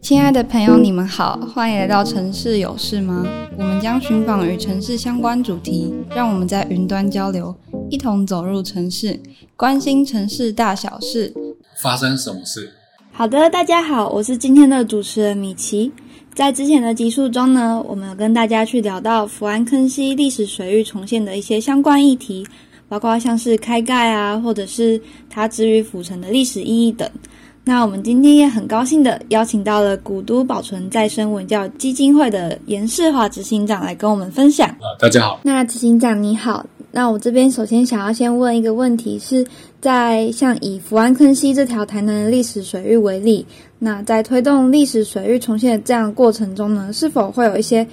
親愛的朋友，你們好，歡迎來到城市有事嗎？我們將尋訪與城市相關主題，讓我們在雲端交流，一同走入城市，關心城市大小事，發生什麼事？好的，大家好，我是今天的主持人米淇。在之前的集數中呢，我們有跟大家去聊到福安坑溪歷史水域重現的一些相關議題。包括像是開蓋啊，或者是它之於府城的歷史意義等。那我們今天也很高興地邀請到了古都保存再生文教基金會的顏世樺執行長來跟我們分享。啊，大家好。那執行長你好。那我這邊首先想要先問一個問題，是在像以福安坑溪這條台南的歷史水域為例，那在推動歷史水域重現的這樣的過程中呢，是否會有一些？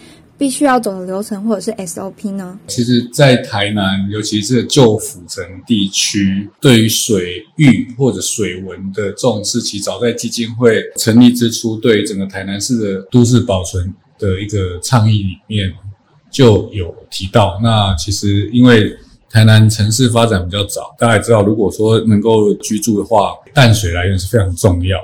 必須要走的流程或者是 SOP 呢？其實，在台南，尤其是舊府城地區，對於水域或者水文的重視，其實早在基金會成立之初，對於整個台南市的都市保存的一個倡議裡面就有提到。那其實，因為台南城市發展比較早，大家也知道，如果說能夠居住的話，淡水來源是非常重要。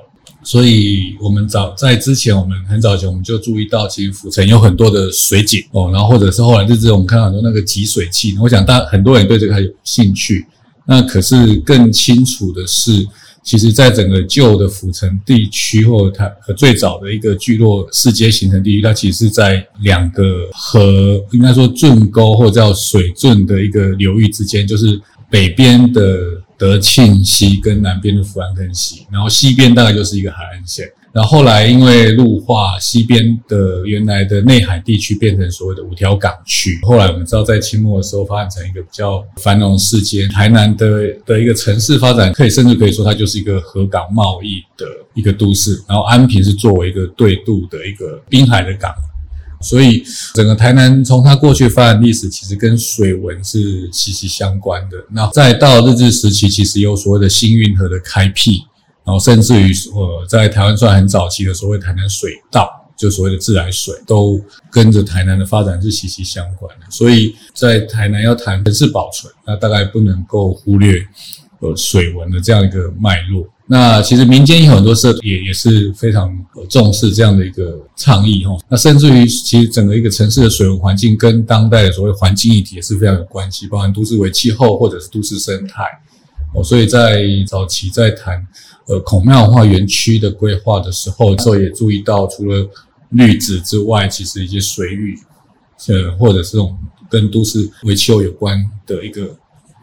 所以，我們早在之前，我們很早前，我們就注意到，其實府城有很多的水井哦，然後或者是後來就是我們看到很多那個集水器。我想，大很多人對這個還有興趣。那可是更清楚的是，其實，在整個舊的府城地區或它最早的一個聚落市街形成地區，它其實是在兩個河，應該說圳溝或者叫水圳的一個流域之間，就是北邊的。德慶溪跟南邊的福安坑溪，然後西邊大概就是一個海岸線。然後後來因為陸化，西邊的原來的內海地區變成所謂的五條港區。後來我們知道，在清末的時候發展成一個比較繁榮的世間，台南的的一個城市發展，可以甚至可以說它就是一個河港貿易的一個都市。然後安平是作為一個對渡的一個濱海的港。所以，整個台南從它過去發展歷史，其實跟水文是息息相關的。那再到日治時期，其實有所謂的新運河的開闢，然後甚至於呃，在台灣算很早期的所謂台南水道，就所謂的自來水，都跟着台南的發展是息息相關的。所以在台南要談城市保存，那大概不能夠忽略呃水文的這樣一個脈絡。那其實民間也有很多社也也是非常重視這樣的一個倡議哈。那甚至於其實整個一個城市的水文環境跟當代的所謂環境議題也是非常有關係，包含都市微氣候，或者是都市生態哦。所以在早期在談呃孔廟文化園區的規劃的時候，時候也注意到除了綠植之外，其實一些水域呃或者是這種跟都市微氣候有關的一個。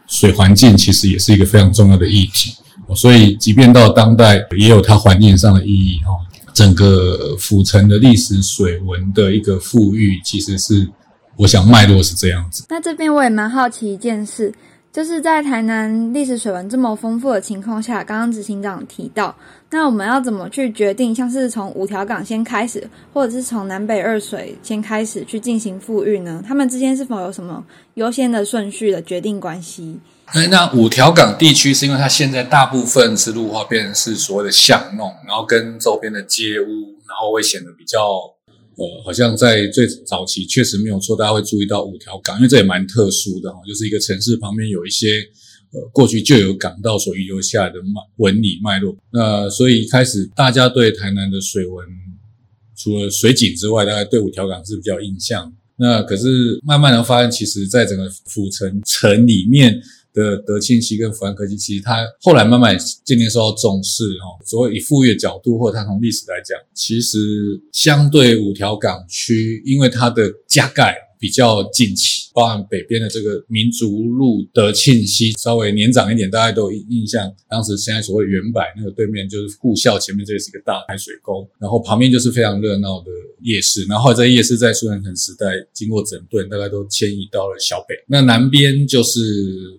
水環境其實也是一個非常重要的議題，所以即便到當代，也有它環境上的意義哦。整個府城的歷史水文的一個復育，其實是我想脈絡是這樣子。那這邊我也蠻好奇一件事。就是在台南歷史水文這麼豐富的情況下，剛剛執行長提到，那我們要怎麼去決定，像是從五條港先開始，或者是從南北二水先開始去進行復育呢？他們之間是否有什麼優先的順序的決定關係？誒，那五條港地區是因為它現在大部分是路化變成，是所謂的巷弄，然後跟周邊的街屋，然後會顯得比較。呃，好像在最早期確實沒有錯，大家會注意到五條港，因為這也蠻特殊的哈，就是一個城市旁邊有一些呃過去舊有港道所遺留下來的脈紋理脈絡。那所以一開始大家對台南的水文，除了水井之外，大概對五條港是比較印象的。那可是慢慢的發現，其實在整個府城城裡面，的德慶溪跟福安坑溪，其實它後來慢慢漸漸受到重視哦。所以以復育角度，或者它從歷史來講，其實相對五條港區，因為它的加蓋比較近期。包含北邊的這個民族路德慶溪，稍微年長一點，大家都有印象。當時現在所謂遠百，那個對面就是護校前面，這也是一個大排水溝，然後旁邊就是非常熱鬧的夜市。然後,後在夜市在蘇南成時代經過整頓，大概都遷移到了小北。那南邊就是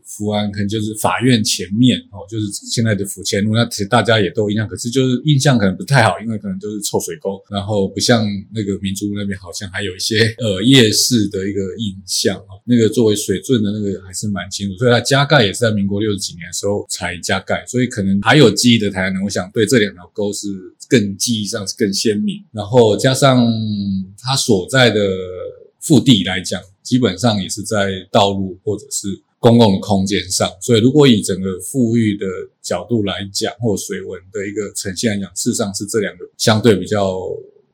福安坑可能就是法院前面哦，就是現在的府前路。那其實大家也都有印象，可是就是印象可能不太好，因為可能就是臭水溝，然後不像那個民族路那邊好像還有一些呃夜市的一個印象。那個作為水圳的那個還是蠻清楚，所以它加蓋也是在民國六十幾年的時候才加蓋，所以可能還有記憶的台南人，我想對這兩條溝是更記憶上是更鮮明。然後加上它所在的腹地來講，基本上也是在道路或者是公共的空間上，所以如果以整個腹域的角度來講，或水文的一個呈現來講，事實上是這兩個相對比較。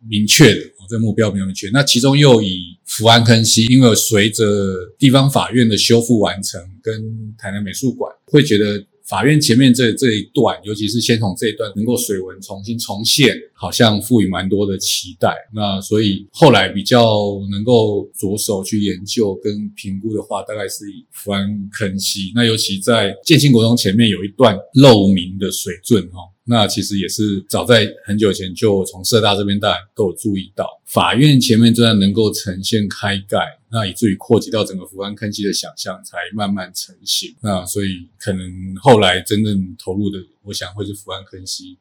明確的這個目標沒有明確。那其中又以福安坑溪，因為隨着地方法院的修復完成，跟台南美術館會覺得法院前面這這一段，尤其是先從這一段能夠水文重新重現，好像賦予蠻多的期待。那所以後來比較能夠着手去研究跟評估的話，大概是以福安坑溪。那尤其在建興國中前面有一段漏明的水圳哦。那其實也是早在很久前就從社大這邊大家都有注意到，法院前面這段能夠呈現開蓋，那以至於擴及到整個福安坑溪的想象才慢慢成型。那所以可能後來真正投入的，我想會是福安坑溪。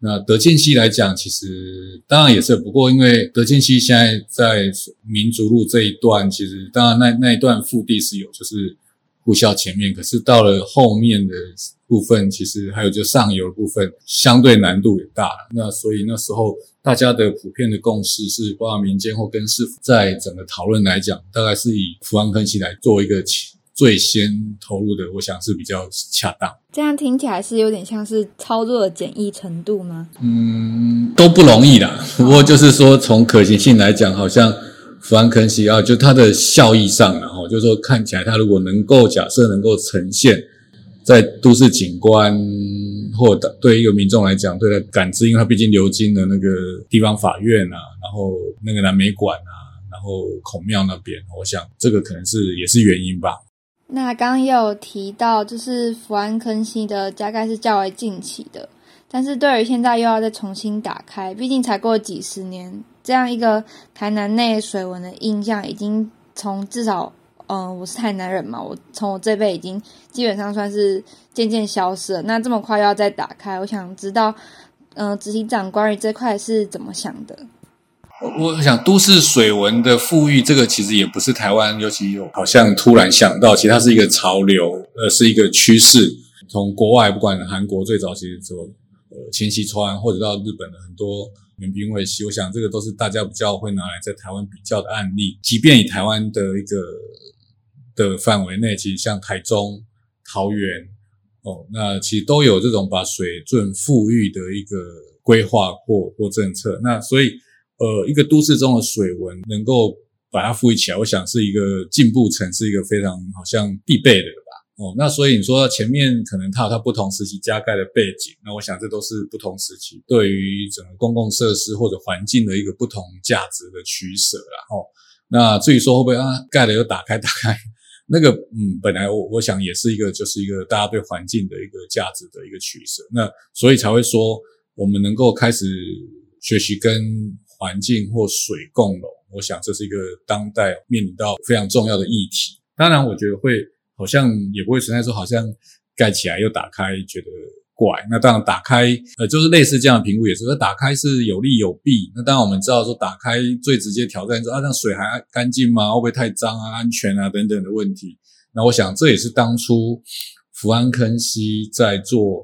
那德建溪來講，其實當然也是，不過因為德建溪現在在民族路這一段，其實當然那那一段腹地是有，就是。步校前面，可是到了後面的部分，其實還有就上游的部分，相對難度也大了。那所以那時候大家的普遍的共識是，包括民間或跟市府在整個討論來講，大概是以福安坑溪來做一個最先投入的，我想是比較恰當。這樣聽起來是有點像是操作的簡易程度嗎？嗯，都不容易啦。好不過就是說，從可行性來講，好像。福安坑溪啊，就它的效益上，然後就是說看起來它如果能夠假設能夠呈現在都市景觀，或者對一個民眾來講，對他感知，因為它畢竟流經了那個地方法院啊，然後那個南美館啊，然後孔廟那邊，我想這個可能是也是原因吧。那剛剛也有提到，就是福安坑溪的加蓋是較為近期的，但是對於現在又要再重新打開，畢竟才過幾十年。這樣一個台南內水文的印象，已經從至少，嗯、呃，我是台南人嘛，我從我這輩已經基本上算是漸漸消失了。那這麼快又要再打開，我想知道，嗯、呃，執行長關於這塊是怎麼想的？我想都市水文的復育，這個其實也不是台灣，尤其有好像突然想到，其實它是一個潮流，呃，是一個趨勢。從國外不管韓國最早其實做呃，清溪川或者到日本的很多。源兵衛川，我想這個都是大家比較會拿來在台灣比較的案例。即便以台灣的一個的範圍內，其實像台中、桃園，哦，那其實都有這種把水圳復育的一個規劃或或政策。那所以，呃，一個都市中的水文能夠把它復育起來，我想是一個進步城市一個非常好像必備的。哦，那所以你說前面可能它有它不同時期加蓋的背景，那我想這都是不同時期對於整個公共設施或者環境的一個不同價值的取捨，然後、哦、那至於說會不會啊蓋了又打開打開，那個嗯，本來我我想也是一個就是一個大家對環境的一個價值的一個取捨。那所以才會說我們能夠開始學習跟環境或水共融，我想這是一個當代面臨到非常重要的議題。當然，我覺得會。好像也不會存在說，好像蓋起來又打開覺得怪，那當然打開，呃，就是類似這樣的評估也是。那打開是有利有弊，那當然我們知道說打開最直接挑戰說、就是、啊，那水還乾淨嗎？會不會太髒啊？安全啊等等的問題。那我想這也是當初福安坑溪在做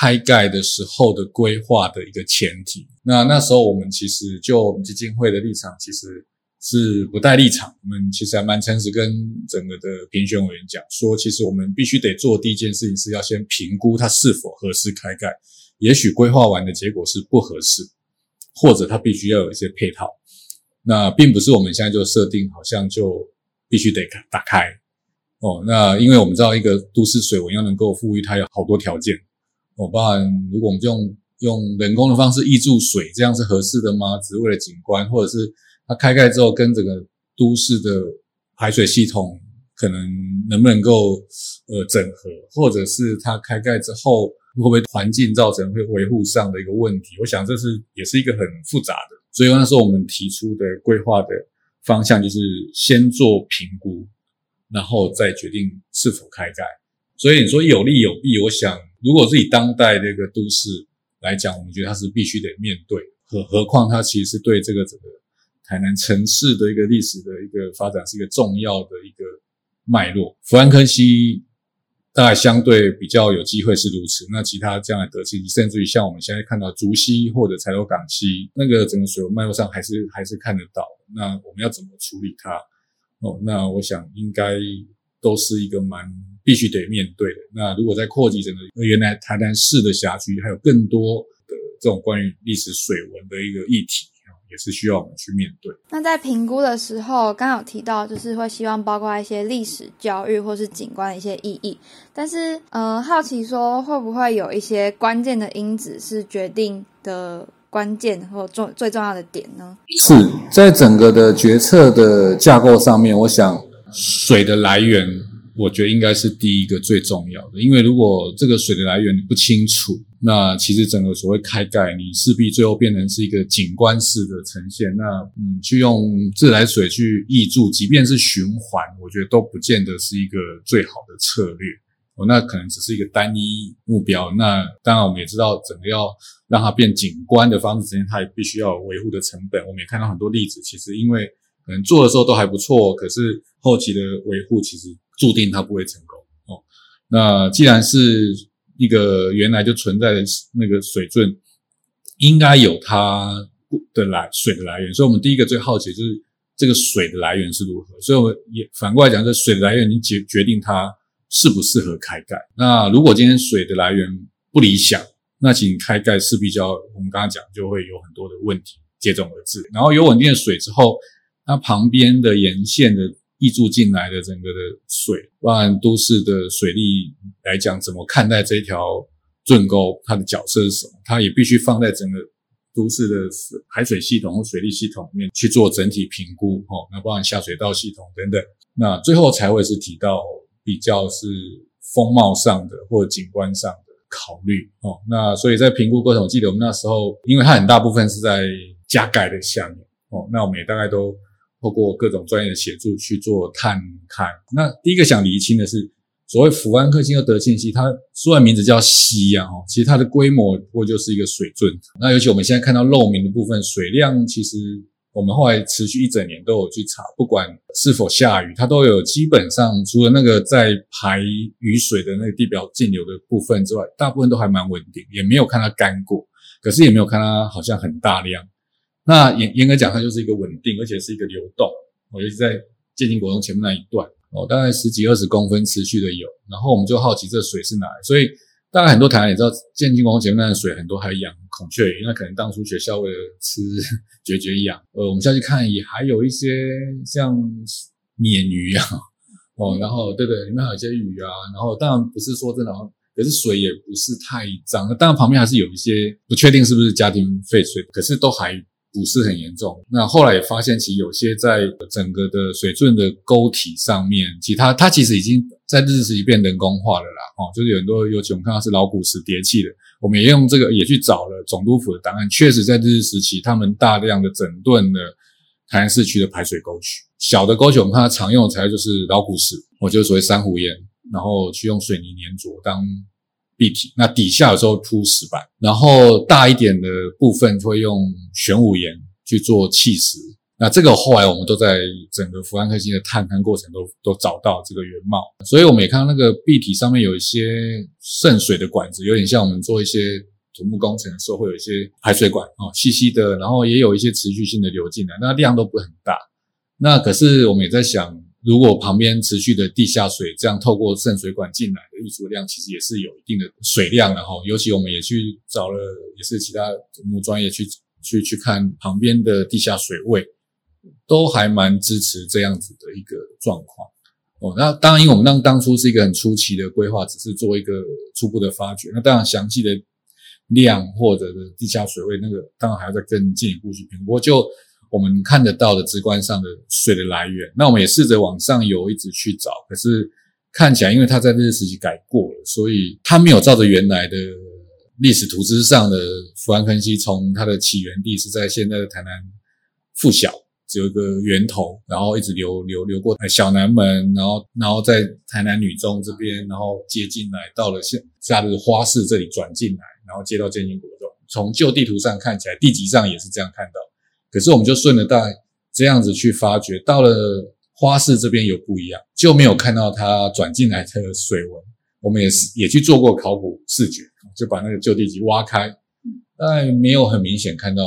開蓋的時候的規劃的一個前提。那那時候我們其實就我們基金會的立場其實。是不帶立場，我們其實還蠻誠實，跟整個的評選委員講說，其實我們必須得做第一件事情，是要先評估它是否合適開蓋。也許規劃完的結果是不合適，或者它必須要有一些配套。那並不是我們現在就設定，好像就必須得打開哦。那因為我們知道，一個都市水文要能夠復育它，有好多條件哦。包含如果我們就用用人工的方式挹注水，這樣是合適的嗎？只是為了景觀，或者是？它開蓋之後，跟整個都市的排水系統可能能不能夠呃整合，或者是它開蓋之後會不會環境造成會維護上的一個問題？我想這是也是一個很複雜的，所以那時候我們提出的規劃的方向就是先做評估，然後再決定是否開蓋。所以你說有利有弊，我想如果是以當代這個都市來講，我們覺得它是必須得面對，何何況它其實對這個整個。台南城市的一個歷史的一個發展是一個重要的一個脈絡，福安坑溪大概相對比較有機會是如此。那其他這樣的德慶溪，甚至於像我們現在看到竹溪或者柴頭港溪，那個整個水文脈絡上還是還是看得到。那我們要怎麼處理它？哦，那我想應該都是一個蠻必須得面對的。那如果再擴及整個原來台南市的轄區，還有更多的這種關於歷史水文的一個議題。也是需要我們去面對。那在評估的時候，剛好提到就是會希望包括一些歷史教育或是景觀的一些意義。但是，呃，好奇說會不會有一些關鍵的因子是決定的關鍵或重最重要的點呢？是，在整個的決策的架構上面，我想水的來源。我覺得應該是第一個最重要的，因為如果這個水的來源你不清楚，那其實整個所謂開蓋，你勢必最後變成是一個景觀式的呈現。那嗯，去用自來水去挹注，即便是循環，我覺得都不見得是一個最好的策略。哦，那可能只是一個單一目標。那當然，我們也知道，整個要讓它變景觀的方式之間，它也必須要維護的成本。我們也看到很多例子，其實因為可能做的時候都還不錯，可是後期的維護其實。註定它不會成功哦。那既然是一個原來就存在的那個水圳，應該有它的來水的來源，所以我們第一個最好奇就是這個水的來源是如何。所以我們也反過來講，這個、水的來源已經決決定它適不適合開蓋。那如果今天水的來源不理想，那請開蓋勢必就要我們剛剛講，就會有很多的問題接踵而至。然後有穩定的水之後，那旁邊的沿線的。溢注進來的整個的水，包含都市的水利來講，怎麼看待這條圳溝，它的角色是什麼？它也必須放在整個都市的海水系統或水利系統裡面去做整體評估。哦，那包含下水道系統等等，那最後才會是提到比較是風貌上的或景觀上的考慮。哦，那所以在評估過程，我記得我們那時候，因為它很大部分是在加蓋的下面，哦，那我們也大概都。透過各種專業的協助去做探勘，那第一個想釐清的是，所謂福安坑溪和德慶溪，它雖然名字叫溪啊，哦，其實它的規模不過就是一個水圳，那尤其我們現在看到露明的部分水量，其實我們後來持續一整年都有去查，不管是否下雨，它都有基本上除了那個在排雨水的那個地表徑流的部分之外，大部分都還蠻穩定，也沒有看它乾過，可是也沒有看它好像很大量。那嚴嚴格講，它就是一個穩定，而且是一個流動。我尤其在建興國中前面那一段，哦，大概十幾二十公分持續的有。然後我們就好奇這水是哪裡？所以大概很多台灣也知道建興國中前面那的水很多還養孔雀魚，那可能當初學校為了吃孑孓養。呃，我們下去看也還有一些像鯰魚啊，哦，然後對對，裡面還有一些魚啊。然後當然不是說真的，可是水也不是太髒。那當然旁邊還是有一些不確定是不是家庭廢水，可是都還。古石很嚴重，那後來也發現，其實有些在整個的水圳的溝體上面，其他它其實已經在日治時期變人工化了啦。哦，就是有很多，有我們看到是老古石疊砌的，我們也用這個也去找了總督府的檔案，確實在日治時期，他們大量的整頓了台南市區的排水溝渠。小的溝渠，我們看它常用的材料就是老古石，哦，就是所謂珊瑚岩，然後去用水泥黏着當。壁體那底下有時候鋪石板，然後大一點的部分就會用玄武岩去做砌石。那這個後來我們都在整個福安坑溪的探勘過程都都找到這個原貌。所以我們也看到那個壁體上面有一些滲水的管子，有點像我們做一些土木工程的時候會有一些排水管哦，細細的，然後也有一些持續性的流進來，那量都不會很大。那可是我們也在想。如果旁邊持續的地下水這樣透過滲水管進來的溢出量，其實也是有一定的水量，然後尤其我們也去找了，也是其他土木專業去去去看旁邊的地下水位，都還蠻支持這樣子的一個狀況。哦，那當然，因為我們當當初是一個很初期的規劃，只是做一個初步的發掘，那當然詳細的量或者地下水位那個，當然還要再更進一步去評估就。我們看得到的直觀上的水的來源，那我們也試着往上游一直去找，可是看起來，因為它在日治時期改過了，所以它沒有照着原來的歷史圖資上的福安坑溪，從它的起源地是在現在的台南附小，只有一個源頭，然後一直流流流過小南門，然後然後在台南女中這邊，然後接進來到了現在的花市這裡轉進來，然後接到建興國中，從舊地圖上看起來，地籍上也是這樣看到的。可是我們就順着帶這樣子去發掘，到了花市這邊有不一樣，就沒有看到它轉進來的水紋。我們也是也去做過考古視覺，就把那個舊地基挖開，但沒有很明顯看到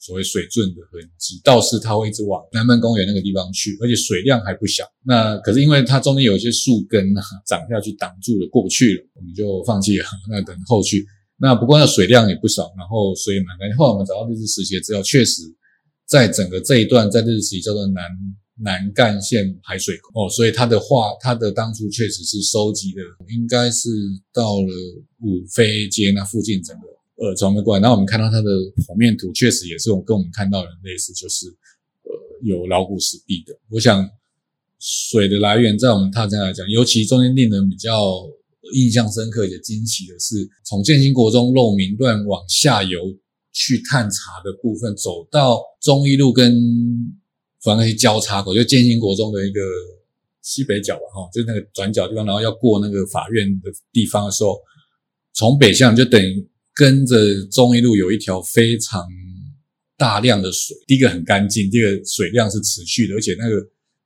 所謂水圳的痕跡。倒是它會一直往南門公園那個地方去，而且水量還不小。那可是因為它中間有一些樹根、啊、長下去擋住了，過不去了，我們就放棄了。那等後續。那不過那水量也不少，然後所以蠻乾淨，後來我們找到這隻石鞋之後，確實。在整個這一段，在日期叫做南南幹線排水口哦，所以他的話，他的當初確實是收集的，應該是到了五妃街那附近整個呃轉換過來。然後我們看到它的剖面圖，確實也是跟我們看到的類似，就是呃有老古石壁的。我想水的來源，在我們台江來講，尤其中間令人比較印象深刻也驚奇的是，從建興國中露明段往下游。去探查的部分，走到忠義路跟反正安街交叉口，就建興國中的一個西北角吧，哈，就是、那個轉角地方。然後要過那個法院的地方的時候，從北向就等於跟着忠義路有一條非常大量的水。第一個很乾淨，第二個水量是持續的，而且那個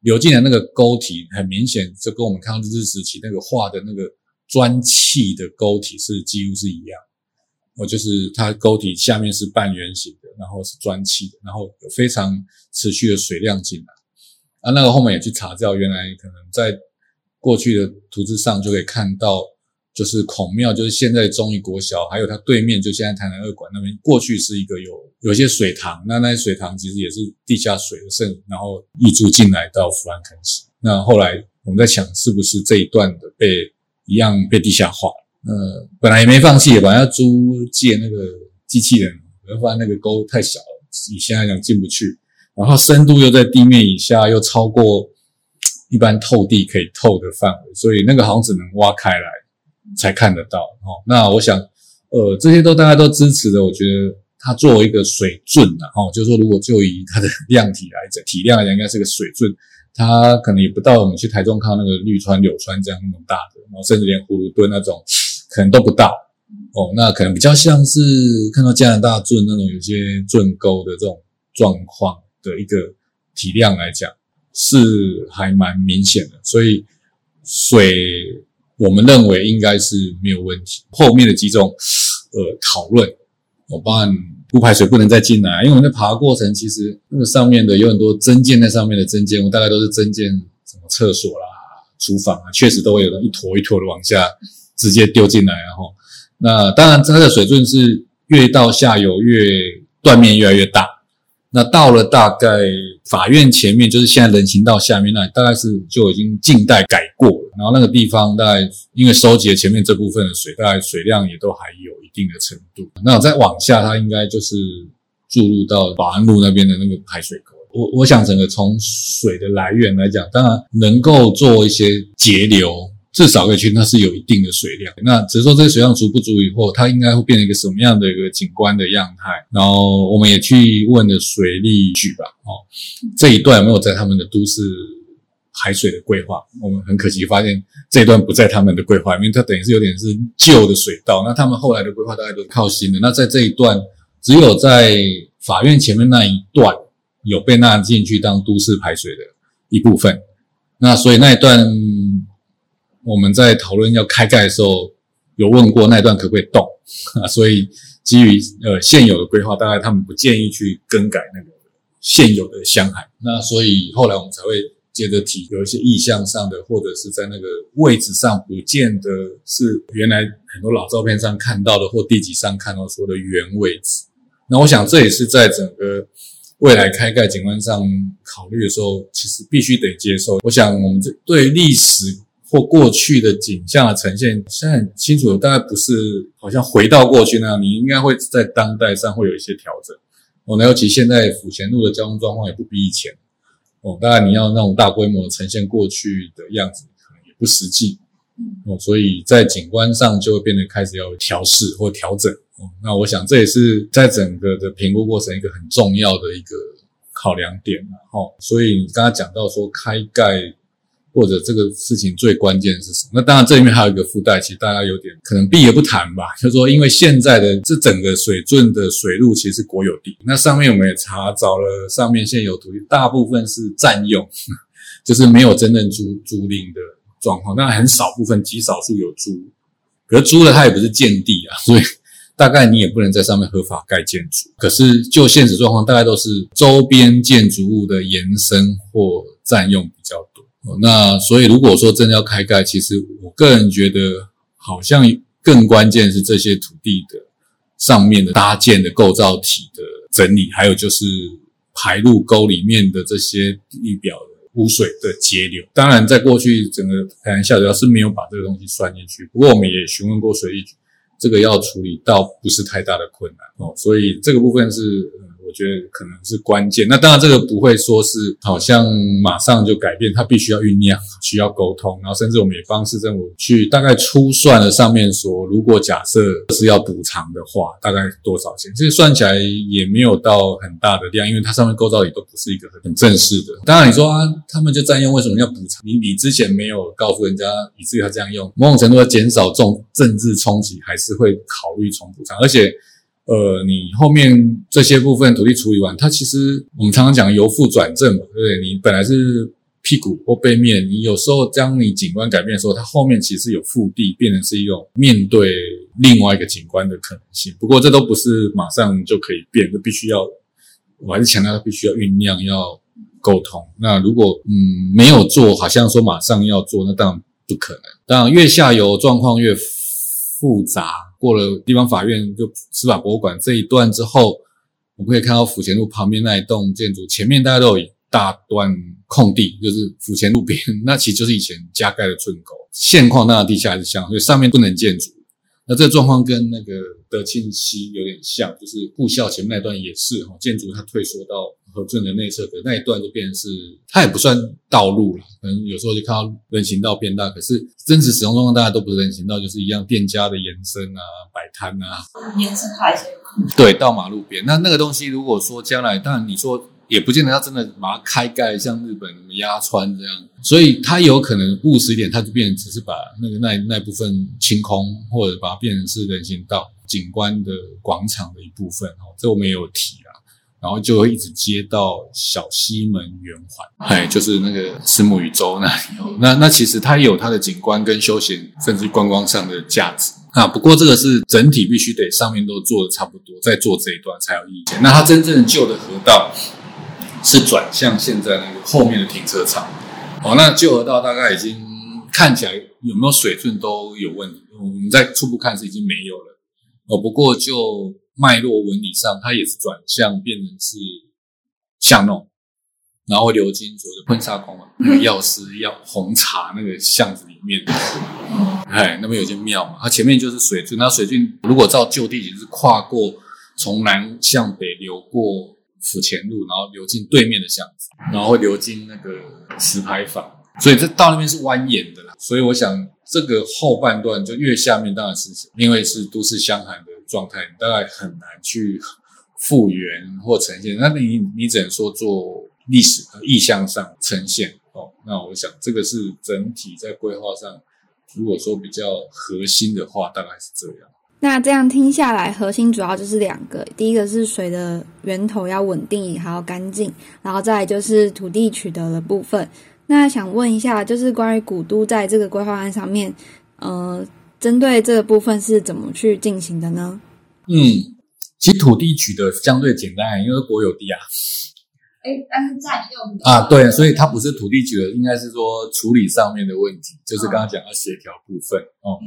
流進來那個溝體很明顯，就跟我們看到日治時期那個畫的那個磚砌的溝體是幾乎是一樣。我就是它溝底下面是半圓形的，然後是磚砌的，然後有非常持續的水量進來。啊，那個後面也去查到，原來可能在過去的圖紙上就可以看到，就是孔廟，就是現在忠義國小，還有它對面就現在台南二館那邊，過去是一個有有些水塘，那那些水塘其實也是地下水的滲，然後溢出進來到福安坑溪。那後來我們在想，是不是這一段的被一樣被地下化？呃，本來也沒放棄，本來要租借那個機器人，不然那個溝太小了，以現在來講進不去，然後深度又在地面以下，又超過一般透地可以透的範圍，所以那個好像只能挖開來才看得到哦。那我想，呃，這些都大家都支持的，我覺得它作為一個水圳吶、啊，哦，就是說如果就以它的量體來講，體量來講應該是個水圳，它可能也不到我們去台中看那個綠川柳川這樣那麼大的，然後甚至連葫蘆墩那種。可能都不到哦，那可能比較像是看到嘉南大圳那種有些圳溝的這種狀況的一個體量來講，是還蠻明顯的。所以水，我們認為應該是沒有問題。後面的幾種，呃，討論，包含不排水不能再進來，因為我們在爬的過程其實那個上面的有很多增建在上面的增建，我大概都是增建什麼廁所啦、廚房啊，確實都會有一坨一坨的往下。直接丟進來，然後那當然它的水位是越到下游越，越斷面越來越大。那到了大概法院前面，就是現在人行道下面那裡，大概是就已經近代改過了。然後那個地方大概因為收集了前面這部分的水，大概水量也都還有一定的程度。那再往下，它應該就是注入到保安路那邊的那個排水溝。我我想整個從水的來源來講，當然能夠做一些截流。至少可以確定，它是有一定的水量。那只是說這個水量足不足以後，它應該會變成一個什麼樣的一個景觀的樣態？然後我們也去問了水利局吧。哦，這一段有沒有在他們的都市排水的規劃？我們很可惜發現這一段不在他們的規劃裡面，因為它等於是有點是舊的水道。那他們後來的規劃大概都是靠新的。那在這一段，只有在法院前面那一段有被納進去當都市排水的一部分。那所以那一段。我們在討論要開蓋的時候，有問過那一段可不可以動，所以基於呃、現有的規劃，大概他們不建議去更改那個現有的箱涵。那所以後來我們才會接着提一些意向上的，或者是在那個位置上不見得是原來很多老照片上看到的或地籍上看到說的原位置。那我想這也是在整個未來開蓋景觀上考慮的時候，其實必須得接受。我想我們對歷史。或過去的景象的呈現，現在很清楚了。大概不是好像回到過去那樣，你應該會在當代上會有一些調整。哦，那尤其現在府前路的交通狀況也不比以前。哦，當然你要那種大規模呈現過去的樣子，可能也不實際。哦，所以在景觀上就會變得開始要調適或調整。哦，那我想這也是在整個的評估過程一個很重要的一個考量點然後哦，所以你剛才講到說開蓋。或者這個事情最關鍵是什麼？那當然，這裡面還有一個附帶，其實大家有點可能避而不談吧。就是說，因為現在的這整個水圳的水路其實是國有地，那上面我們也查找了，上面現有土地大部分是占用，就是沒有真正租租賃的狀況。那很少部分，極少數有租，可是租的它也不是建地啊，所以大概你也不能在上面合法蓋建築。可是就現實狀況，大概都是周邊建築物的延伸或占用比較多。哦，那所以如果說真的要開蓋，其實我個人覺得好像更關鍵是這些土地的上面的搭建的構造體的整理，還有就是排入溝裡面的這些地表的污水的截流。當然，在過去整個台南下水道是沒有把這個東西算進去，不過我們也詢問過水利局，這個要處理倒不是太大的困難哦。所以這個部分是。我覺得可能是關鍵。那當然，這個不會說是好像馬上就改變，它必須要醞釀，需要溝通，然後甚至我們也幫市政府去大概初算了上面說，如果假設是要補償的話，大概多少錢？這個算起來也沒有到很大的量，因為它上面構造也都不是一個很正式的。當然你說啊，他們就占用，為什麼要補償？你你之前沒有告訴人家，以至於他這樣用，某種程度要減少政政治衝擊，還是會考慮重補償，而且。呃，你後面這些部分土地處理完，它其實我們常常講由負轉正嘛，對不對？你本來是屁股或背面，你有時候將你景觀改變的時候，它後面其實有腹地，變成是一種面對另外一個景觀的可能性。不過這都不是馬上就可以變，這必須要，我還是強調它必須要醞釀、要溝通。那如果嗯沒有做，好像說馬上要做，那當然不可能。當然越下游狀況越複雜。過了地方法院就司法博物館這一段之後，我們可以看到府前路旁邊那一棟建築前面，大家都有一大段空地，就是府前路邊，那其實就是以前加蓋的圳溝，現況那地下是像，所以上面不能建築。那這個狀況跟那個德慶溪有點像，就是護校前面那段也是哈，建築它退縮到。和正的內側，可那一段就變成是，它也不算道路了，可能有時候就看到人行道變大，可是真實使用狀況，大家都不是人行道，就是一樣店家的延伸啊，擺攤啊，延伸太久了。對，到馬路邊，那那個東西，如果說將來，當然你說也不見得要真的把它開蓋，像日本鴨川這樣，所以它有可能務實一點，它就變成只是把那個那那部分清空，或者把它變成是人行道景觀的廣場的一部分哦、喔，這我們也有提啊。然後就會一直接到小西門圓環，就是那個慈慕宇宙那裡。那那，那其實它也有它的景觀跟休閒，甚至觀光上的價值。那不過這個是整體必須得上面都做的差不多，再做這一段才有意見。那它真正的舊的河道是轉向現在那個後面的停車場。哦，那舊河道大概已經看起來有沒有水圳都有問題。我們在初步看是已經沒有了。哦，不過就。脈絡紋理上，它也是轉向變成是巷弄，然後會流經所謂的婚紗館那個藥師藥紅茶那個巷子裡面對對，哎，那邊有間廟嘛，它前面就是水圳，那水圳如果照舊地形是跨過，從南向北流過府前路，然後流進對面的巷子，然後會流經那個石牌坊，所以這到那邊是蜿蜒的啦，所以我想這個後半段就越下面當然是，因為是都市鄉海的。狀態你大概很難去復原或呈現，那你你只能說做歷史和意象上呈現哦。那我想這個是整體在規劃上，如果說比較核心的話，大概是這樣。那這樣聽下來，核心主要就是兩個，第一個是水的源頭要穩定還要乾淨，然後再來就是土地取得的部分。那想問一下，就是關於古都在這個規劃案上面，嗯、呃。針對這個部分是怎麼去進行的呢？嗯，其實土地取得相對簡單，因為國有地啊。誒，但是占用啊，對啊，所以它不是土地取得，應該是說處理上面的問題，就是剛剛講到協調部分哦、嗯嗯。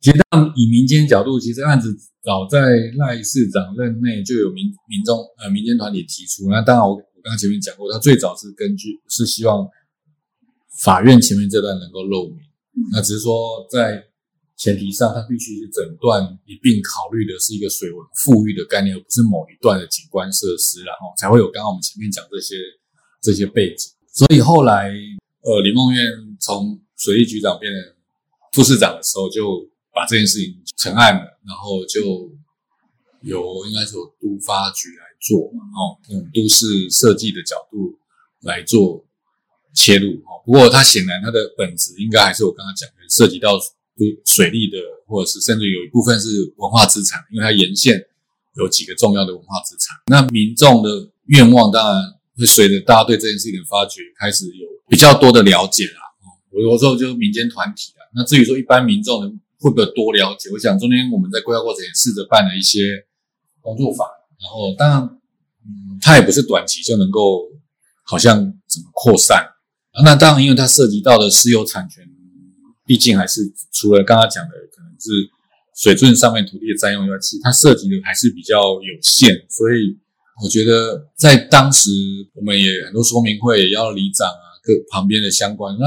其實，當然以民間角度，其實案子早在賴市長任內就有民民眾呃民間團體提出。那當然我，我我剛剛前面講過，他最早是根據是希望法院前面這段能夠露面，嗯、那只是說在。前提上，他必須是整段，一併考慮的是一個水文復育的概念，而不是某一段的景觀設施啦，然後才會有剛剛我們前面講這些這些背景。所以後來，呃，李孟諺從水利局長變成副市長的時候，就把這件事情成案了，然後就由應該說都發局來做嘛，哦、嗯，那種都市設計的角度來做切入哦。不過他顯然他的本質應該還是我剛剛講的涉及到。就水利的，或者是甚至有一部分是文化資產，因為它沿線有幾個重要的文化資產。那民眾的願望當然會隨着大家對這件事情的發掘，開始有比較多的了解啦。嗯，我有時候就是民間團體啊，那至於說一般民眾會不會多了解，我想中間我們在規劃過程也試着辦了一些工作坊，然後當然，嗯，它也不是短期就能夠好像怎麼擴散。那當然，因為它涉及到的私有產權。畢竟還是除了剛剛講的，可能是水圳上面土地的占用以外，其實它涉及的還是比較有限，所以我覺得在當時我們也很多說明會也要里長啊，各旁邊的相關，那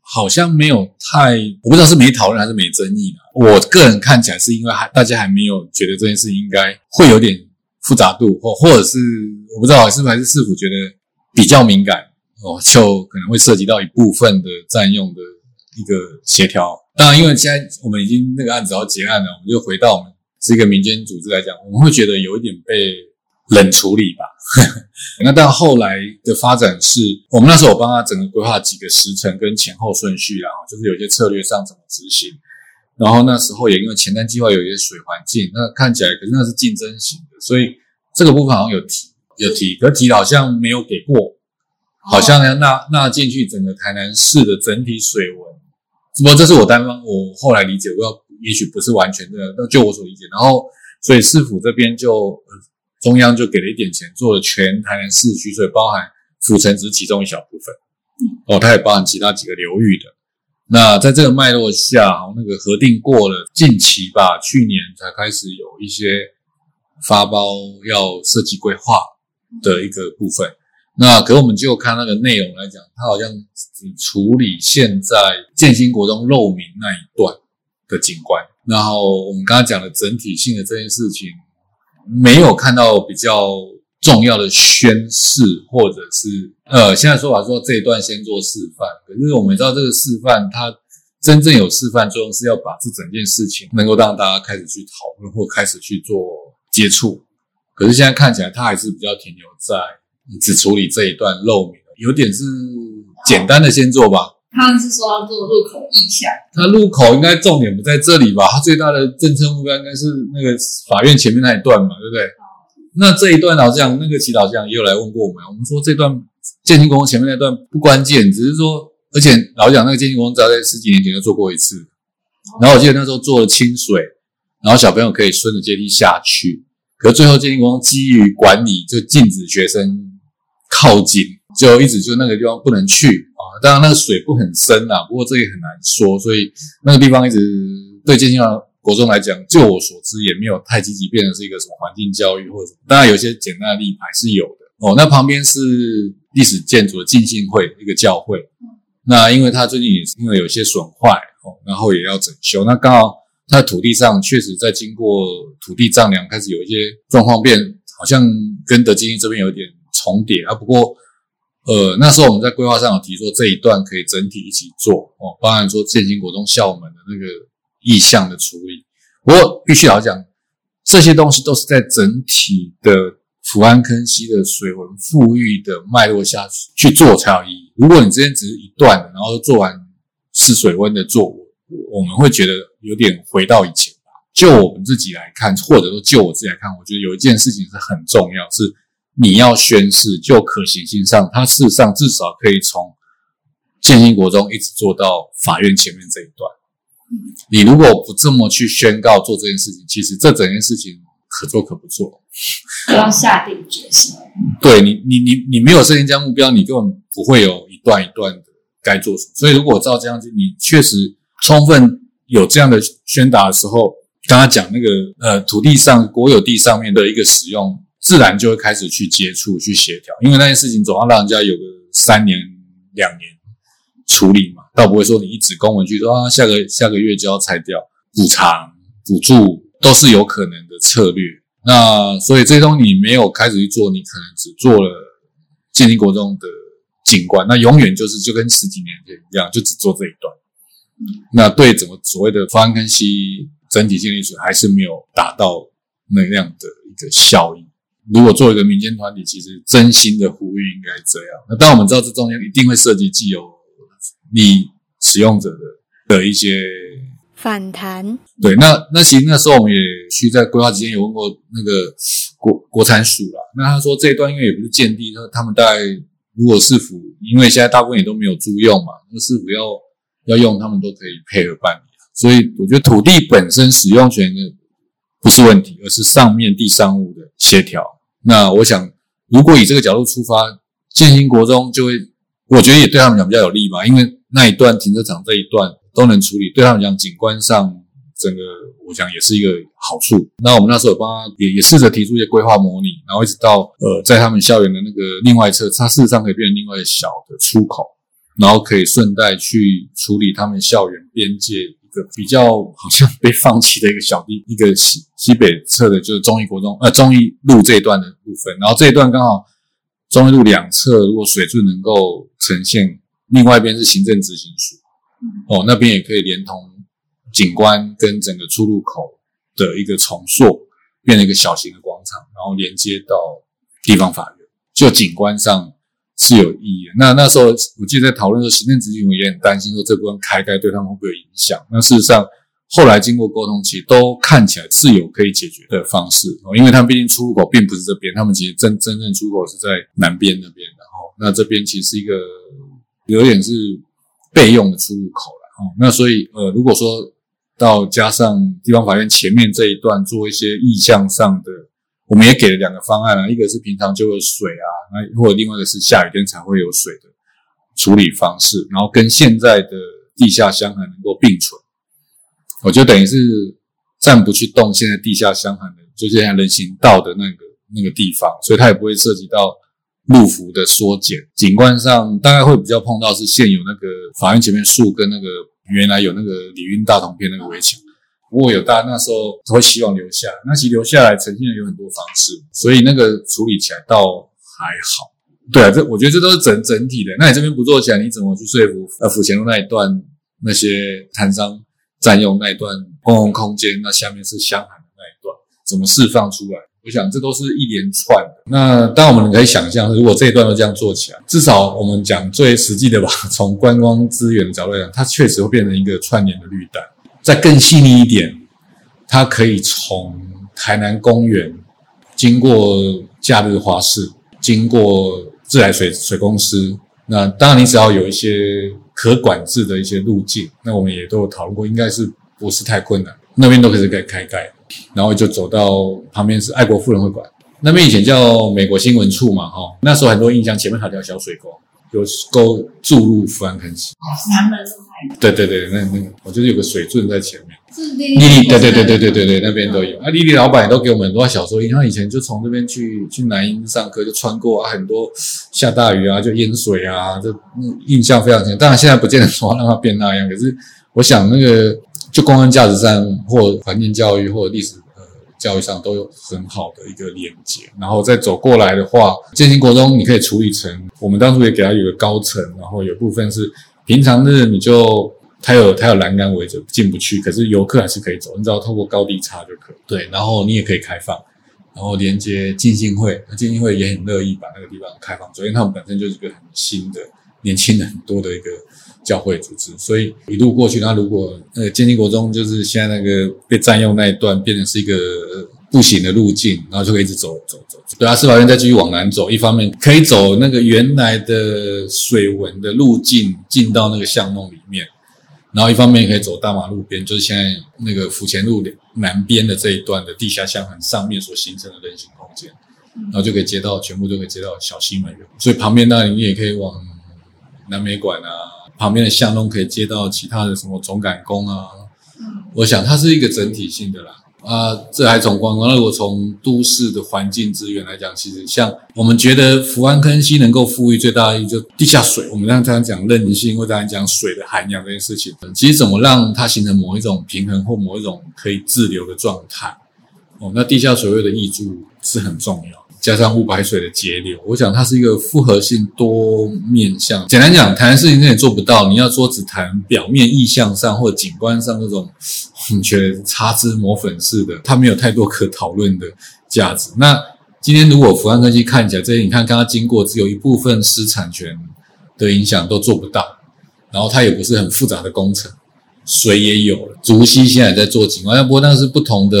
好像沒有太，我不知道是沒討論還是沒爭議啊，我個人看起來是因為還大家還沒有覺得這件事應該會有點複雜度，或或者是我不知道是不是還是是否覺得比較敏感哦，就可能會涉及到一部分的占用的。一個協調，當然，因為現在我們已經那個案子要結案了，我們就回到我們是一個民間組織來講，我們會覺得有一點被冷處理吧。呵呵。那但後來的發展是，我們那時候我幫他整個規劃幾個時程跟前後順序啦、啊，就是有些策略上怎麼執行，然後那時候也因為前瞻計劃有一些水環境，那看起來可是那是競爭型的，所以這個部分好像有提有提，可是提得好像沒有給過，好像要納納進去整個台南市的整體水文。什麼？這是我單方，我後來理解要，我也許不是完全的，那就我所理解，然後所以市府這邊就中央就給了一點錢，做了全台南市區，所以包含府城只是其中一小部分。哦，它也包含其他幾個流域的。那在這個脈絡下，那個核定過了，近期吧，去年才開始有一些發包要設計規劃的一個部分。那可，我們就看那個內容來講，他好像只處理現在建興國中露明那一段的景觀，然後我們剛剛講的整體性的這件事情，沒有看到比較重要的宣示，或者是呃，現在說法說這一段先做示範。可是我們知道這個示範，它真正有示範作用是要把這整件事情能夠讓大家開始去討論或開始去做接觸。可是現在看起來，它還是比較停留在。只處理這一段露明，有點是簡單的先做吧。哦、他是說要做入口意象，他入口應該重點不在這裡吧？他最大的政策目標應該是那個法院前面那一段嘛，對不對？哦、那這一段好像那個祈禱像也有來問過我們，我們說這段建興國中前面那段不關鍵，只是說，而且老講那個建興國中早在十幾年前就做過一次，哦、然後我記得那時候做了清水，然後小朋友可以順着階梯下去，可是最後建興國中基於管理就禁止學生。靠近就一直就那個地方不能去啊，當然那個水不很深啦，不過這也很難說，所以那個地方一直對建興國中來講，就我所知也沒有太積極變成是一個什麼環境教育或者什麼，當然有些簡單的立牌是有的哦。那旁邊是歷史建築的浸信會一個教會，嗯、那因為它最近也是因為有些損壞哦，然後也要整修，那剛好它的土地上確實在經過土地丈量，開始有一些狀況變，好像跟德基因這邊有點。重疊啊，不過，呃，那時候我們在規劃上有提說這一段可以整體一起做哦，包含說建新國中校門的那個意象的處理。不過，必須老實講，這些東西都是在整體的福安坑溪的水文復育的脈絡下去去做才有意義。如果你之前只是一段，然後做完試水溫的做，我們會覺得有點回到以前吧。就我們自己來看，或者說就我自己來看，我覺得有一件事情是很重要是。你要宣誓，就可行性上，它事實上至少可以從建興國中一直做到法院前面這一段。你如果不這麼去宣告做這件事情，其實這整件事情可做可不做。要下定決心。 對你，你你你沒有設定這樣目標，你根本不會有一段一段的該做什麼。所以，如果照這樣去，你確實充分有這樣的宣達的時候，剛剛講那個呃土地、上國有地上面的一個使用，自然就會開始去接觸、去協調，因為那件事情總要讓人家有個三年、兩年處理嘛，倒不會說你一紙公文去說啊，下個下個月就要拆掉，補償、補助都是有可能的策略。那所以這些東西你沒有開始去做，你可能只做了建立國中的景觀，那永遠就是就跟十幾年前一樣，就只做這一段。那對整個所謂的福安坑溪、整體建立水還是沒有達到那樣的一個效益。如果做一個民間團體，其實真心的呼籲應該這樣。那但我們知道這中間一定會涉及既有你使用者的的一些反彈。對，那那其實那時候我們也去在規劃之前有問過那個國國產署啦、啊。那他說這一段因為也不是建地，那他們大概如果市府，因為現在大部分也都沒有租用嘛，那市府要要用，他們都可以配合辦理。所以我覺得土地本身使用權的不是問題，而是上面地上物的協調。那我想，如果以這個角度出發，建興國中就會，我覺得也對他們講比較有利吧，因為那一段停車場這一段都能處理，對他們講景觀上整個我想也是一個好處。那我們那時候幫他也也試着提出一些規劃模擬，然後一直到，呃，在他們校園的那個另外一側，它事實上可以變成另外一個小的出口，然後可以順帶去處理他們校園邊界。比較好像被放棄的一個小地，一個西西北側的，就是忠義國中，呃，忠義路這一段的部分。然後這一段剛好忠義路兩側，如果水柱能夠呈現，另外一邊是行政執行署，哦，那邊也可以連同景觀跟整個出入口的一個重塑，變成一個小型的廣場，然後連接到地方法院，就景觀上。是有意義的。那那時候我記得在討論的時候，行政執行委員也很擔心說這部分開蓋對他們會不會有影響。那事實上後來經過溝通期，其實都看起來是有可以解決的方式，因為他們畢竟出入口並不是這邊，他們其實真真正出入口是在南邊那邊，然後那這邊其實是一個有點是備用的出入口了哦。那所以呃，如果說到加上地方法院前面這一段做一些意象上的。我們也給了兩個方案啊，一個是平常就有水啊，那或者另外一個是下雨天才會有水的處理方式，然後跟現在的地下箱涵能夠並存，我就等於是暫不去動現在地下箱涵的，就是現在人行道的那個那個地方，所以它也不會涉及到路幅的縮減。景觀上大概會比較碰到是現有那個法院前面樹跟那個原來有那個李運大同片那個圍牆。如果有大家，那時候都會希望留下。那其實留下來呈現的有很多方式，所以那個處理起來倒還好。對啊，這我覺得這都是整整體的。那你這邊不做起來，你怎麼去說服？呃、啊，府前路那一段那些攤商占用那一段公共空間，那下面是箱涵的那一段怎麼釋放出來？我想這都是一連串的。那當然我們可以想象，如果這一段都這樣做起來，至少我們講最實際的吧，從觀光資源的角度來講，它確實會變成一個串聯的綠帶。再更細膩一點，它可以從台南公園經過假日花市，經過自來水水公司。那當然，你只要有一些可管制的一些路徑，那我們也都有討論過，應該是不是太困難？那邊都可以開開蓋，然後就走到旁邊是愛國婦人會館，那邊以前叫美國新聞處嘛，哈。那時候很多印象，前面還有條小水溝，有溝注入福安坑溪南門是嗎？對對對，那那，那我覺得有個水圳在前面，莉莉對對對對對對對，那邊都有啊。莉莉老板也都給我們很多小說，因為他以前就從這邊去去南英上課，就穿過啊，很多下大雨啊，就淹水啊，就、嗯、印象非常深。當然現在不見得說讓它變那樣，可是我想那個就公共價值上或環境教育或歷史呃教育上都有很好的一個連接。然後再走過來的話，建興國中你可以處理成，我們當初也給他有個高層，然後有部分是。平常日你就它有它有欄杆圍着進不去，可是遊客還是可以走，你只要透過高低差就可以。對，然後你也可以開放，然後連接浸信會，那浸信會也很樂意把那個地方開放，所以他們本身就是一個很新的、年輕人很多的一個教會組織，所以一路過去，那如果呃建立國中就是現在那個被占用那一段，變成是一個。步行的路徑，然後就可以一直走走走。對啊，司法院再繼續往南走，一方面可以走那個原來的水文的路徑進到那個巷弄裡面，然後一方面可以走大馬路邊，就是現在那個府前路南邊的這一段的地下箱涵上面所形成的人行空間，嗯、然後就可以接到全部就可以接到小西門。所以旁邊那裡你也可以往南美館啊，旁邊的巷弄可以接到其他的什麼總趕宮啊。嗯、我想它是一個整體性的啦。啊、呃，這還從光那如果從都市的環境資源來講，其實像我們覺得福安坑溪能夠賦予最大意義，就地下水。我們剛才講韌性，或者剛才講水的涵養這件事情，嗯，其實怎麼讓它形成某一種平衡或某一種可以自流的狀態，哦，那地下水位的挹注是很重要。加上污廢水的截流，我想它是一個複合性多面向。簡單講，談的事情你也做不到。你要說只談表面意象上或景觀上那種，你覺得擦脂抹粉式的，它沒有太多可討論的價值。那今天如果福安坑溪看起來這些，你看剛剛經過只有一部分私產權的影響都做不到，然後它也不是很複雜的工程，水也有了。竹溪現在也在做景觀，不過那是不同的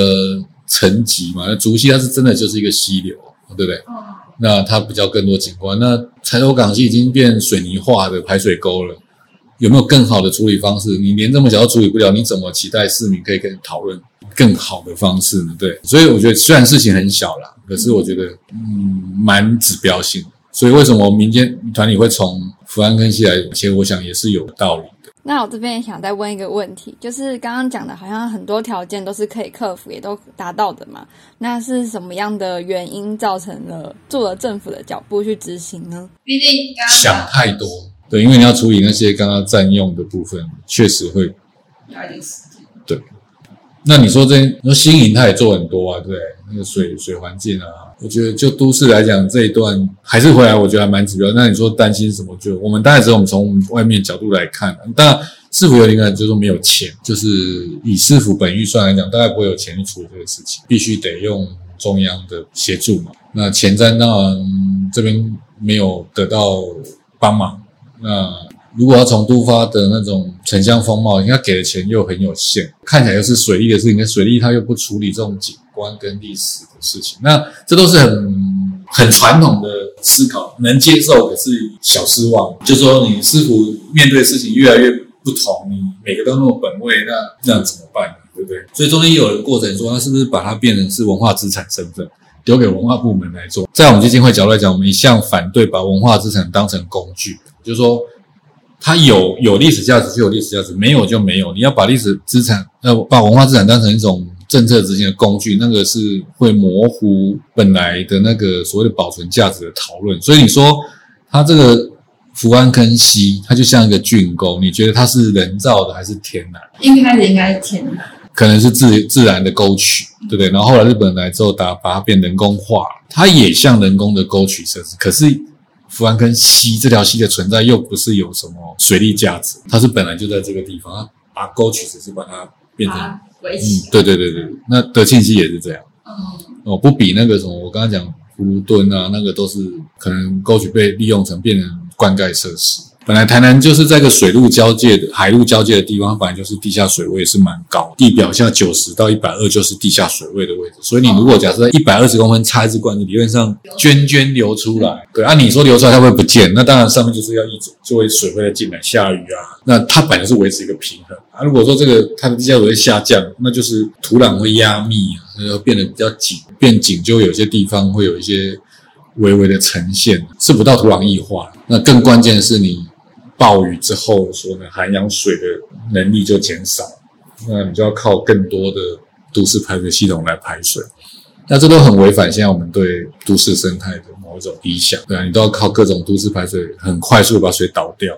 層級嘛。那竹溪它是真的就是一個溪流。對不對？哦、那它比較更多景觀。那柴頭港溪已經變水泥化的排水溝了，有沒有更好的處理方式？你連這麼小都處理不了，你怎麼期待市民可以跟你討論更好的方式呢？對，所以我覺得雖然事情很小啦，可是我覺得嗯蠻指標性的。所以為什麼民間團體會從福安坑溪來，其實我想也是有道理。那我這邊也想再問一個問題，就是剛剛講的，好像很多條件都是可以克服，也都達到的嘛？那是什麼樣的原因造成了，做了政府的腳步去執行呢？畢竟想太多，對，因為你要處理那些剛剛占用的部分，確實會要一點時間。對，那你說這，你說新營他也做很多啊，對。那個水水環境啊，我覺得就都市來講，這一段還是回來，我覺得還蠻指標。那你說擔心什麼就？就我們當然只有我們從外面角度來看，但是否有個人就是說沒有錢，就是以市府本預算來講，大概不會有錢去處理這個事情，必須得用中央的協助嘛。那前瞻當然、嗯、這邊沒有得到幫忙，那。如果要從都發的那種城鄉風貌，應該給的錢又很有限，看起來又是水利的事情，水利它又不處理這種景觀跟歷史的事情，那這都是很很傳統的思考，能接受，可是小失望。就是說你似乎面對的事情越來越不同，你每個都那麼本位，那那怎麼辦呢？對不對？所以中間有一個過程說，說他是不是把它變成是文化資產身份，丟給文化部門來做。在我們基金會角度來講，我們一向反對把文化資產當成工具，就是說。它有有歷史價值就有歷史價值，沒有就沒有。你要把歷史資產呃把文化資產當成一種政策執行的工具，那個是會模糊本來的那個所謂的保存價值的討論。所以你說它這個福安坑溪，它就像一個圳溝，你覺得它是人造的還是天然？一開始應該是應該天然，可能是自自然的溝渠，對不對？然後後來日本人來之後，打把它變人工化，它也像人工的溝渠設施，可是。福安坑溪這條溪的存在又不是有什麼水利價值，它是本來就在這個地方，它把溝渠只是把它變成，啊、嗯，對對對對，那德慶溪也是這樣，嗯、哦，不比那個什麼我剛剛講湖墩啊，那個都是可能溝渠被利用成變成灌溉設施。本來台南就是這個水陸交界的海陸交界的地方，本來就是地下水位是蠻高的，地表下九十到一百二就是地下水位的位置。所以你如果假設在一百二十公分插一支管子，理論上涓涓流出來。嗯、對，按、啊、你說流出來，它會，會不見，那當然上面就是要一直，就會水會再進來下雨啊。那它本來是維持一個平衡啊。如果說這個它的地下水位下降，那就是土壤會壓密啊，它要變得比較緊，變緊就有些地方會有一些微微的沉陷，是不到土壤液化。那更關鍵的是你。暴雨之後說呢，涵養水的能力就減少，那你就要靠更多的都市排水系統來排水，那這都很違反現在我們對都市生態的某一種理想。對啊，你都要靠各種都市排水很快速把水倒掉。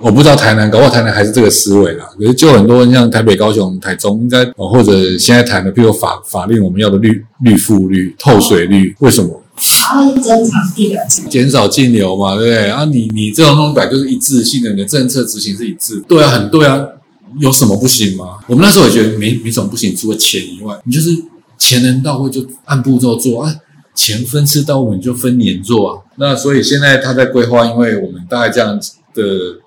我不知道台南搞不好台南還是這個思維啦，可是就很多人像台北、高雄、台中應該，或者現在談的譬如法法令我們要的綠綠覆率、透水率，為什麼？啊，增長第二季，減少逕流嘛，對不對？啊，你你這種弄法就是一致性的，你的政策執行是一致。對啊，很對啊，有什麼不行嗎？我們那時候也覺得沒沒什麼不行，除了錢以外，你就是錢能到位就按步驟做啊，錢分次到位你就分年做啊。那所以現在他在規劃，因為我們大概這樣的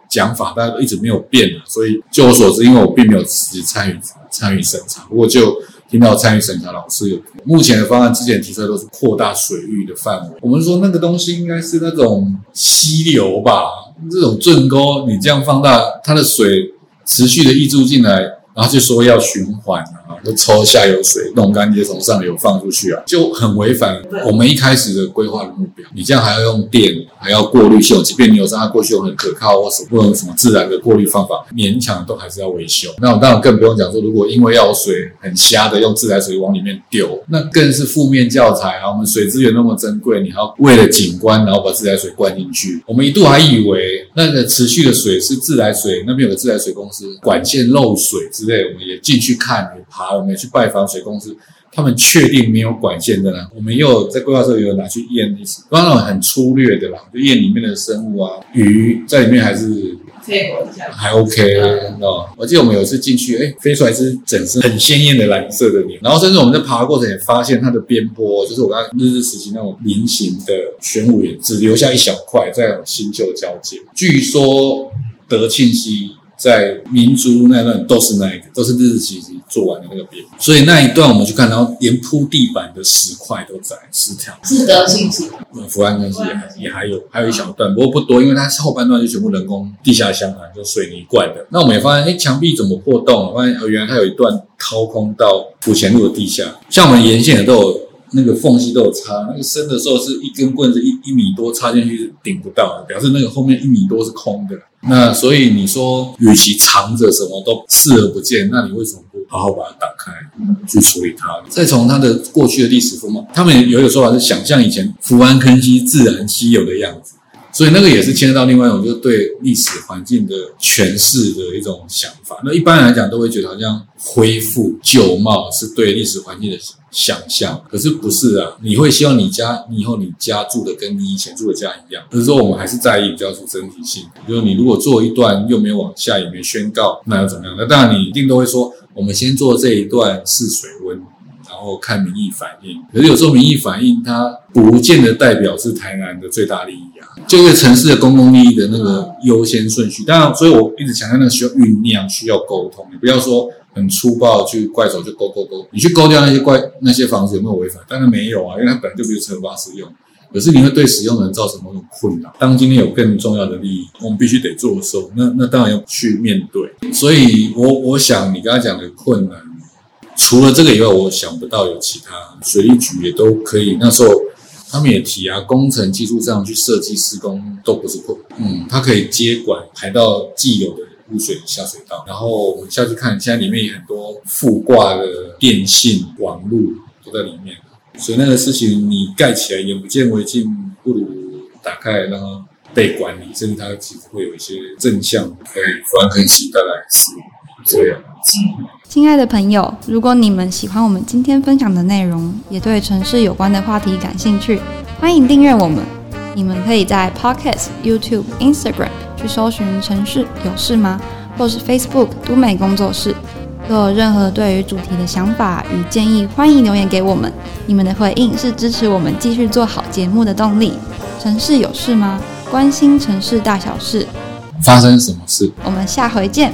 講法，大家都一直沒有變啊。所以據我所知，因為我並沒有自己參與參與審查，不過就。聽到參與審查老師有目前的方案，之前提出來都是擴大水域的範圍。我們說那個東西應該是那種溪流吧，這種圳溝，你這樣放大，它的水持續的溢注進來，然後就說要循環啊，就抽下游水弄乾淨，從上游放出去啊，就很違反我們一開始的規劃的目標。你這樣還要用電？還要過濾修，即便你有說它過去有很可靠，或什麼或者什麼自然的過濾方法，勉強都還是要維修。那我當然更不用講說，如果因為要有水很瞎的用自來水往裡面丟，那更是負面教材啊！我們水資源那麼珍貴，你還要為了景觀然後把自來水灌進去，我們一度還以為那個持續的水是自來水，那邊有個自來水公司管線漏水之類，我們也進去看，也爬，我們也去拜訪水公司。他們確定沒有管線的呢？我們又在規劃時候又有拿去驗一次，當然很粗略的啦，就驗裡面的生物啊，魚在裡面還是一下，okay, 還 OK 哦。嗯、no, 我記得我們有一次進去，哎、欸，飛出來一只整身很鮮豔的藍色的鳥，然後甚至我們在爬的過程也發現它的邊坡，就是我剛剛日治時期那種菱形的玄武岩，只留下一小塊在新舊交界。據說德慶溪在民族那段都是那一個，都是日治時期。做完的那個邊，所以那一段我們去看，然後連鋪地板的石塊都在石條，是德性是福安坑溪也也還有還有一小段、啊、不過不多，因為它後半段就全部人工地下箱啊，就水泥灌的。那我們也發現，哎、欸，牆壁怎麼破洞？發現哦，原來它有一段掏空到府前路的地下。像我們沿線也都有那個縫隙都有插，那個深的時候是一根棍子一一米多插進去是頂不到的，表示那個後面一米多是空的。那所以你說，與其藏着什麼都視而不見，那你為什麼不好好把它打開，嗯、去處理它？再從它的過去的歷史風貌，他們也有一種說法是，想象以前福安坑溪自然稀有的樣子。所以那個也是牽涉到另外一種，就是對歷史環境的詮釋的一種想法。那一般來講，都會覺得好像恢復舊貌是對歷史環境的想象，可是不是啊？你會希望你家，你以後你家住的跟你以前住的家一樣？可是說我們還是在意比較出整體性。比如說你如果做一段又沒有往下也沒宣告，那又怎麼樣？那當然你一定都會說，我們先做這一段試水溫。然後看民意反應，可是有時候民意反應它不見得代表是台南的最大利益啊，就是城市的公共利益的那個優先順序。當然，所以我一直強調，那個需要醞釀，需要溝通。你不要說很粗暴去怪手就勾勾勾，你去勾掉那些怪那些房子有沒有違法？當然沒有啊，因為它本來就不是合法使用。可是你會對使用的人造成某種困擾。當今天有更重要的利益，我們必須得做的時候，那那當然要去面對。所以我我想你剛才講的困難。除了這個以外，我想不到有其他，水利局也都可以。那時候他們也提啊，工程技術上去設計施工都不是困難。嗯，它可以接管排到既有的污水下水道，然後我們下去看，現在裡面有很多附掛的電信網路都在裡面，所以那個事情你蓋起來眼不見為淨，不如打開然後被管理，甚至它其實會有一些正向可以翻很細帶來。Yeah. 親愛的朋友，如果你們喜歡我們今天分享的內容，也對城市有關的話題感興趣，歡迎訂閱我們。你們可以在 Podcast YouTube、Instagram 去搜尋“城市有事嗎”，或是 Facebook 都媒工作室。若有任何對於主題的想法與建議，歡迎留言給我們。你們的回應是支持我們繼續做好節目的動力。城市有事嗎？關心城市大小事，發生什麼事？我們下回見。